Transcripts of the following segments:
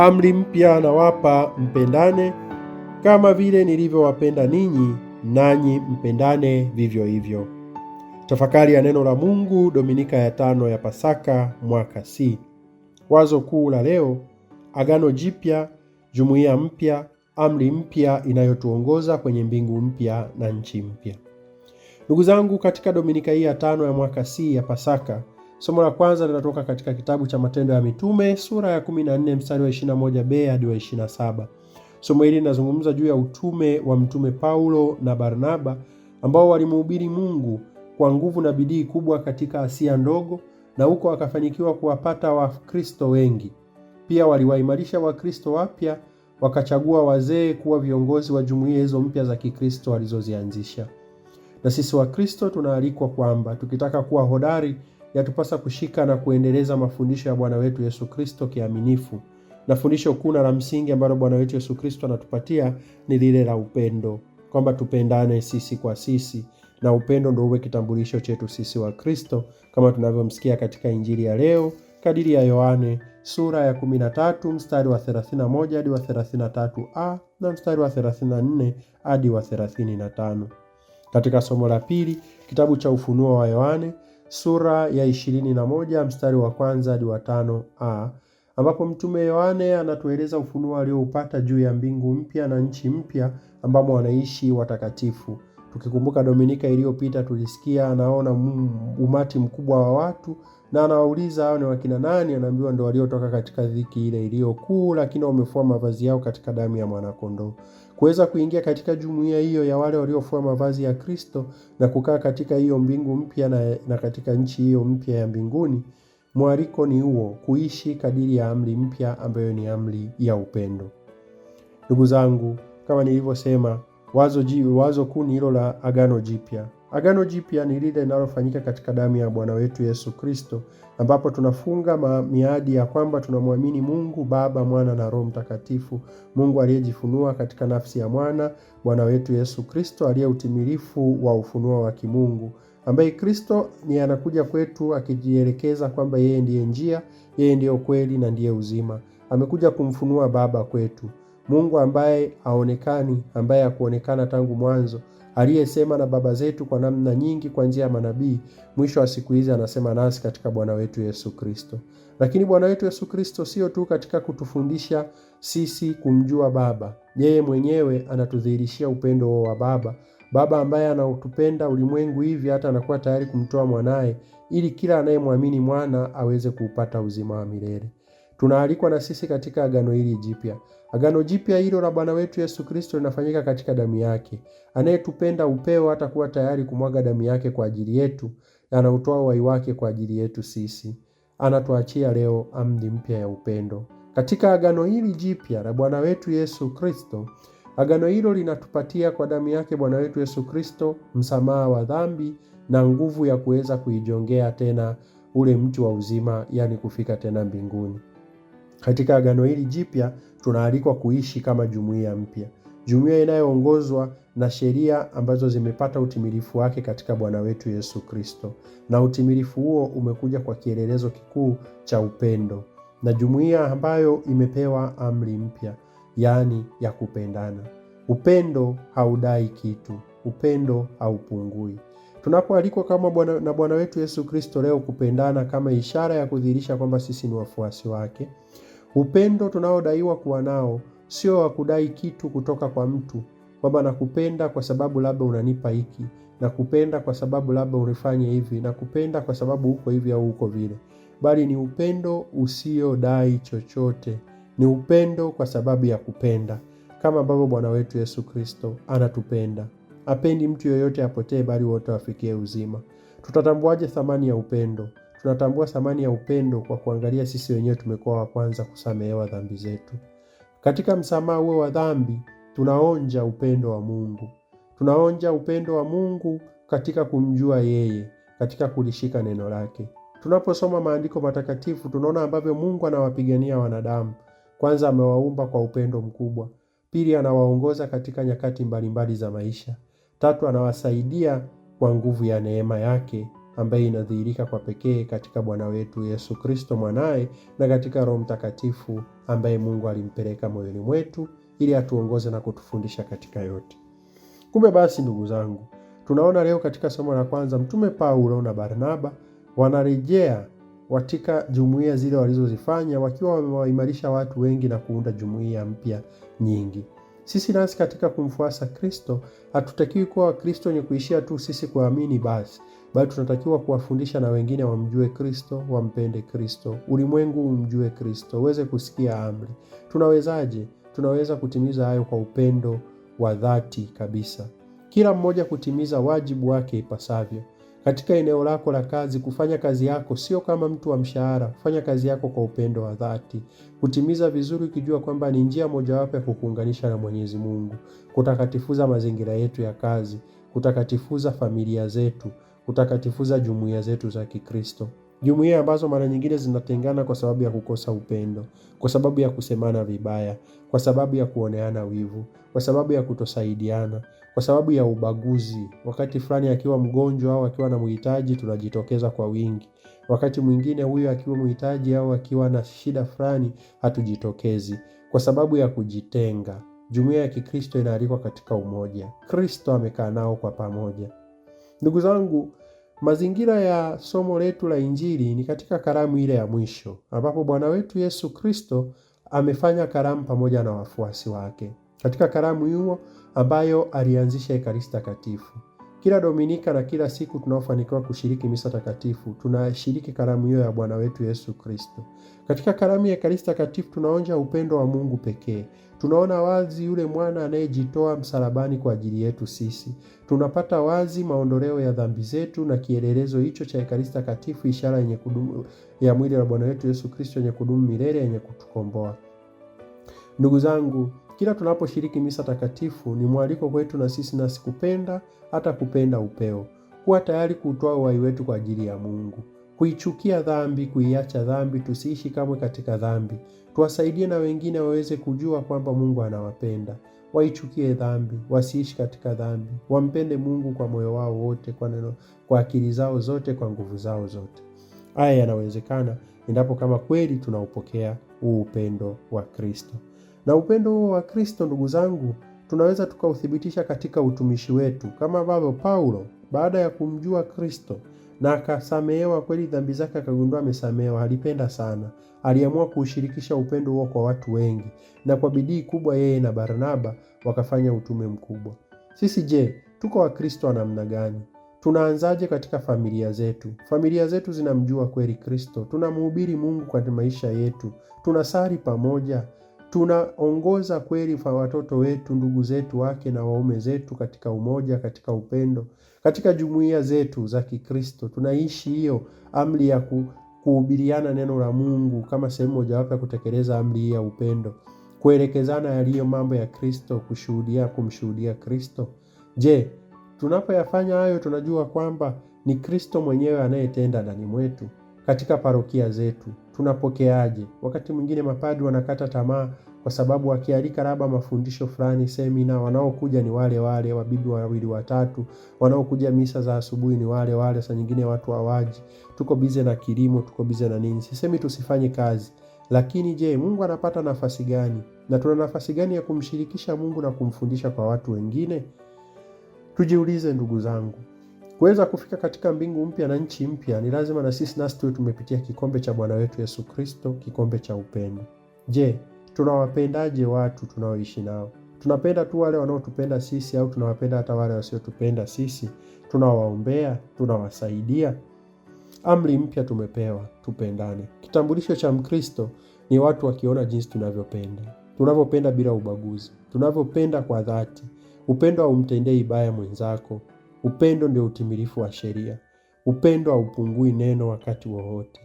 Amri mpya anawapa mpendane, kama vile nilivyowapenda ninyi, nanyi mpendane vivyo hivyo. Tafakari ya neno la Mungu, Dominika ya tano ya Pasaka, mwaka C. Wazo kuu la leo: Agano Jipya, jumuiya mpya, amri mpya inayotuongoza kwenye mbingu mpya na nchi mpya. Ndugu zangu, katika Dominika hii ya tano ya mwaka C ya Pasaka Somo la kwanza linatoka katika kitabu cha Matendo ya Mitume sura ya 14 mstari wa 21b hadi wa 27. Somo hili linazungumza juu ya utume wa mtume Paulo na Barnaba ambao walimhubiri Mungu kwa nguvu na bidii kubwa katika Asia ndogo, na huko wakafanikiwa kuwapata Wakristo wengi. Pia waliwaimarisha Wakristo wapya, wakachagua wazee kuwa viongozi wa jumuiya hizo mpya za Kikristo walizozianzisha. Na sisi Wakristo tunaalikwa kwamba tukitaka kuwa hodari yatupasa kushika na kuendeleza mafundisho ya Bwana wetu Yesu Kristo kiaminifu, na fundisho kuu na la msingi ambalo Bwana wetu Yesu Kristo anatupatia ni lile la upendo, kwamba tupendane sisi kwa sisi, na upendo ndio uwe kitambulisho chetu sisi wa Kristo, kama tunavyomsikia katika Injili ya leo kadiri ya Yohane sura ya 13 mstari wa 31 hadi wa 33a na mstari wa 34 hadi wa 35. Katika somo la pili, kitabu cha Ufunuo wa Yohane sura ya ishirini na moja mstari wa kwanza hadi wa tano a ambapo mtume Yohane anatueleza ufunuo alioupata juu ya mbingu mpya na nchi mpya ambamo wanaishi watakatifu. Tukikumbuka Dominika iliyopita tulisikia anaona umati mkubwa wa watu na anawauliza hao ni wakina nani? Anaambiwa ndio waliotoka katika dhiki ile iliyokuu, lakini wamefua mavazi yao katika damu ya mwanakondoo kuweza kuingia katika jumuiya hiyo ya wale waliofua mavazi ya Kristo na kukaa katika hiyo mbingu mpya na, na katika nchi hiyo mpya ya mbinguni. Mwaliko ni huo, kuishi kadiri ya amri mpya ambayo ni amri ya upendo. Ndugu zangu, kama nilivyosema, wazo, wazo kuu ni hilo la Agano Jipya. Agano Jipya ni lile linalofanyika katika damu ya Bwana wetu Yesu Kristo, ambapo tunafunga miadi ya kwamba tunamwamini Mungu Baba, Mwana na Roho Mtakatifu, Mungu aliyejifunua katika nafsi ya mwana Bwana wetu Yesu Kristo, aliye utimilifu wa ufunuo wa kimungu, ambaye Kristo ni anakuja kwetu akijielekeza kwamba yeye ndiye njia, yeye ndiye ukweli na ndiye uzima. Amekuja kumfunua Baba kwetu, Mungu ambaye haonekani, ambaye hakuonekana tangu mwanzo aliyesema na baba zetu kwa namna nyingi kwa njia ya manabii, mwisho wa siku hizi anasema nasi katika Bwana wetu Yesu Kristo. Lakini Bwana wetu Yesu Kristo sio tu katika kutufundisha sisi kumjua Baba, yeye mwenyewe anatudhihirishia upendo wa Baba, Baba ambaye anautupenda ulimwengu hivi hata anakuwa tayari kumtoa mwanaye ili kila anayemwamini mwana aweze kuupata uzima wa milele. Tunaalikwa na sisi katika agano hili jipya Agano jipya hilo la Bwana wetu Yesu Kristo linafanyika katika damu yake. Anayetupenda upeo hata kuwa tayari kumwaga damu yake kwa ajili yetu, anautoa uhai wake kwa ajili yetu sisi. Anatuachia leo amri mpya ya upendo katika agano hili jipya la Bwana wetu Yesu Kristo. Agano hilo linatupatia kwa damu yake Bwana wetu Yesu Kristo msamaha wa dhambi na nguvu ya kuweza kuijongea tena ule mti wa uzima, yani kufika tena mbinguni. Katika agano hili jipya tunaalikwa kuishi kama jumuiya mpya, jumuiya inayoongozwa na sheria ambazo zimepata utimilifu wake katika Bwana wetu Yesu Kristo, na utimilifu huo umekuja kwa kielelezo kikuu cha upendo, na jumuiya ambayo imepewa amri mpya, yaani ya kupendana. Upendo haudai kitu, upendo haupungui. Tunapoalikwa kama bwana, na Bwana wetu Yesu Kristo leo kupendana kama ishara ya kudhihirisha kwamba sisi ni wafuasi wake Upendo tunaodaiwa kuwa nao sio wa kudai kitu kutoka kwa mtu, kwamba nakupenda kwa sababu labda unanipa hiki, nakupenda kwa sababu labda unifanye hivi, nakupenda kwa sababu uko hivi au uko vile, bali ni upendo usiodai chochote, ni upendo kwa sababu ya kupenda, kama ambavyo Bwana wetu Yesu Kristo anatupenda. apendi mtu yoyote apotee, bali wote wafikie uzima. Tutatambuaje thamani ya upendo? Tunatambua thamani ya upendo kwa kuangalia sisi wenyewe tumekuwa wa kwanza kusamehewa dhambi zetu. Katika msamaha huo wa dhambi tunaonja upendo wa Mungu. Tunaonja upendo wa Mungu katika kumjua yeye, katika kulishika neno lake. Tunaposoma maandiko matakatifu tunaona ambavyo Mungu anawapigania wanadamu. Kwanza, amewaumba kwa upendo mkubwa. Pili, anawaongoza katika nyakati mbalimbali za maisha. Tatu, anawasaidia kwa nguvu ya neema yake ambaye inadhihirika kwa pekee katika Bwana wetu Yesu Kristo mwanaye na katika Roho Mtakatifu ambaye Mungu alimpeleka moyoni mwetu ili atuongoze na kutufundisha katika yote. Kumbe basi, ndugu zangu, tunaona leo katika somo la kwanza Mtume Paulo na Barnaba wanarejea katika jumuiya zile walizozifanya wakiwa wamewaimarisha watu wengi na kuunda jumuiya mpya nyingi. Sisi nasi katika kumfuasa Kristo hatutakiwi kuwa Wakristo wenye kuishia tu sisi kuamini basi, bali tunatakiwa kuwafundisha na wengine wamjue Kristo, wampende Kristo, ulimwengu umjue Kristo, uweze kusikia amri. Tunawezaje? Tunaweza kutimiza hayo kwa upendo wa dhati kabisa, kila mmoja kutimiza wajibu wake ipasavyo katika eneo lako la kazi, kufanya kazi yako sio kama mtu wa mshahara. Kufanya kazi yako kwa upendo wa dhati, kutimiza vizuri, ukijua kwamba ni njia mojawapo ya kukuunganisha na Mwenyezi Mungu, kutakatifuza mazingira yetu ya kazi, kutakatifuza familia zetu utakatifuza jumuiya zetu za Kikristo, jumuiya ambazo mara nyingine zinatengana kwa sababu ya kukosa upendo, kwa sababu ya kusemana vibaya, kwa sababu ya kuoneana wivu, kwa sababu ya kutosaidiana, kwa sababu ya ubaguzi. Wakati fulani akiwa mgonjwa au akiwa na mhitaji, tunajitokeza kwa wingi. Wakati mwingine huyo akiwa mhitaji au akiwa na shida fulani, hatujitokezi kwa sababu ya kujitenga. Jumuiya ya Kikristo inaalikwa katika umoja. Kristo amekaa nao kwa pamoja. Ndugu zangu, Mazingira ya somo letu la Injili ni katika karamu ile ya mwisho ambapo Bwana wetu Yesu Kristo amefanya karamu pamoja na wafuasi wake. Katika karamu hiyo ambayo alianzisha Ekaristi Takatifu, kila Dominika na kila siku tunaofanikiwa kushiriki misa takatifu tunashiriki karamu hiyo ya Bwana wetu Yesu Kristo. Katika karamu ya Ekaristi Takatifu tunaonja upendo wa Mungu pekee Tunaona wazi yule mwana anayejitoa msalabani kwa ajili yetu sisi. Tunapata wazi maondoleo ya dhambi zetu na kielelezo hicho cha Ekaristi Takatifu, ishara yenye kudumu ya mwili wa Bwana wetu Yesu Kristo yenye kudumu milele, yenye kutukomboa. Ndugu zangu, kila tunaposhiriki misa takatifu ni mwaliko kwetu na sisi nasi kupenda hata kupenda upeo, kuwa tayari kutoa uhai wetu kwa ajili ya Mungu kuichukia dhambi, kuiacha dhambi, tusiishi kamwe katika dhambi. Tuwasaidie na wengine waweze kujua kwamba Mungu anawapenda, waichukie dhambi, wasiishi katika dhambi, wampende Mungu kwa moyo wao wote, kwa neno, kwa akili zao zote, kwa nguvu zao zote. Haya yanawezekana endapo kama kweli tunaupokea huu upendo wa Kristo. Na upendo huo wa Kristo, ndugu zangu, tunaweza tukauthibitisha katika utumishi wetu, kama ambavyo Paulo baada ya kumjua Kristo na akasamehewa kweli dhambi zake, akagundua amesamehewa. Alipenda sana, aliamua kuushirikisha upendo huo kwa watu wengi, na kwa bidii kubwa yeye na Barnaba wakafanya utume mkubwa. Sisi je, tuko Wakristo wa namna gani? Tunaanzaje katika familia zetu? Familia zetu zinamjua kweli Kristo? Tunamhubiri Mungu kwa maisha yetu? Tunasali pamoja? tunaongoza kweli kwa watoto wetu, ndugu zetu, wake na waume zetu, katika umoja, katika upendo, katika jumuiya zetu za Kikristo tunaishi hiyo amri ya ku, kuhubiriana neno la Mungu kama sehemu mojawapo ya kutekeleza amri hii ya upendo, kuelekezana yaliyo mambo ya Kristo, kushuhudia, kumshuhudia Kristo. Je, tunapoyafanya hayo tunajua kwamba ni Kristo mwenyewe anayetenda ndani mwetu katika parokia zetu tunapokeaje? Wakati mwingine mapadi wanakata tamaa kwa sababu wakialika labda mafundisho fulani, semina, wanaokuja ni wale wale wabibi wawili watatu, wanaokuja misa za asubuhi ni wale wale, saa nyingine watu hawaji, tuko bize na kilimo, tuko bize na nini. Sisemi tusifanye kazi, lakini je, Mungu anapata nafasi gani na tuna nafasi gani ya kumshirikisha Mungu na kumfundisha kwa watu wengine? Tujiulize ndugu zangu. Kuweza kufika katika mbingu mpya na nchi mpya, ni lazima na sisi nasi tuwe tumepitia kikombe cha Bwana wetu Yesu Kristo, kikombe cha upendo. Je, tunawapendaje watu tunaoishi nao? Tunapenda tu wale wanaotupenda sisi, au tunawapenda hata wale wasiotupenda sisi? Tunawaombea? Tunawasaidia? Amri mpya tumepewa, tupendane. Kitambulisho cha Mkristo ni watu wakiona jinsi tunavyopenda, tunavyopenda bila ubaguzi, tunavyopenda kwa dhati. Upendo haumtendei ibaya mwenzako, Upendo ndio utimilifu wa sheria. Upendo haupungui neno wakati wowote.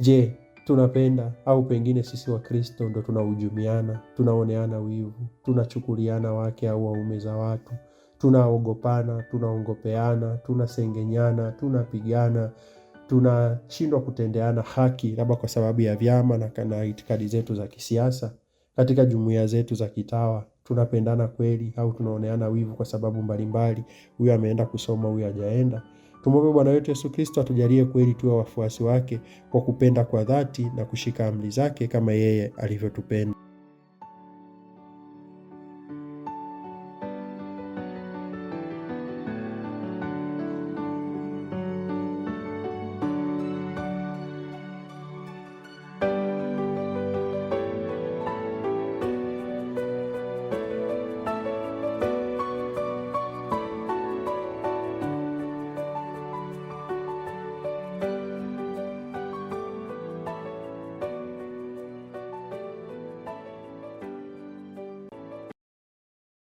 Je, tunapenda au pengine sisi Wakristo ndo tunahujumiana, tunaoneana wivu, tunachukuliana wake au waume za watu, tunaogopana, tunaongopeana, tunasengenyana, tunapigana, tunashindwa kutendeana haki, labda kwa sababu ya vyama na itikadi zetu za kisiasa, katika jumuiya zetu za kitawa tunapendana kweli au tunaoneana wivu kwa sababu mbalimbali, huyu ameenda kusoma, huyu hajaenda. Tumwombe Bwana wetu Yesu Kristo atujalie kweli tuwe wafuasi wake kwa kupenda kwa dhati na kushika amri zake kama yeye alivyotupenda.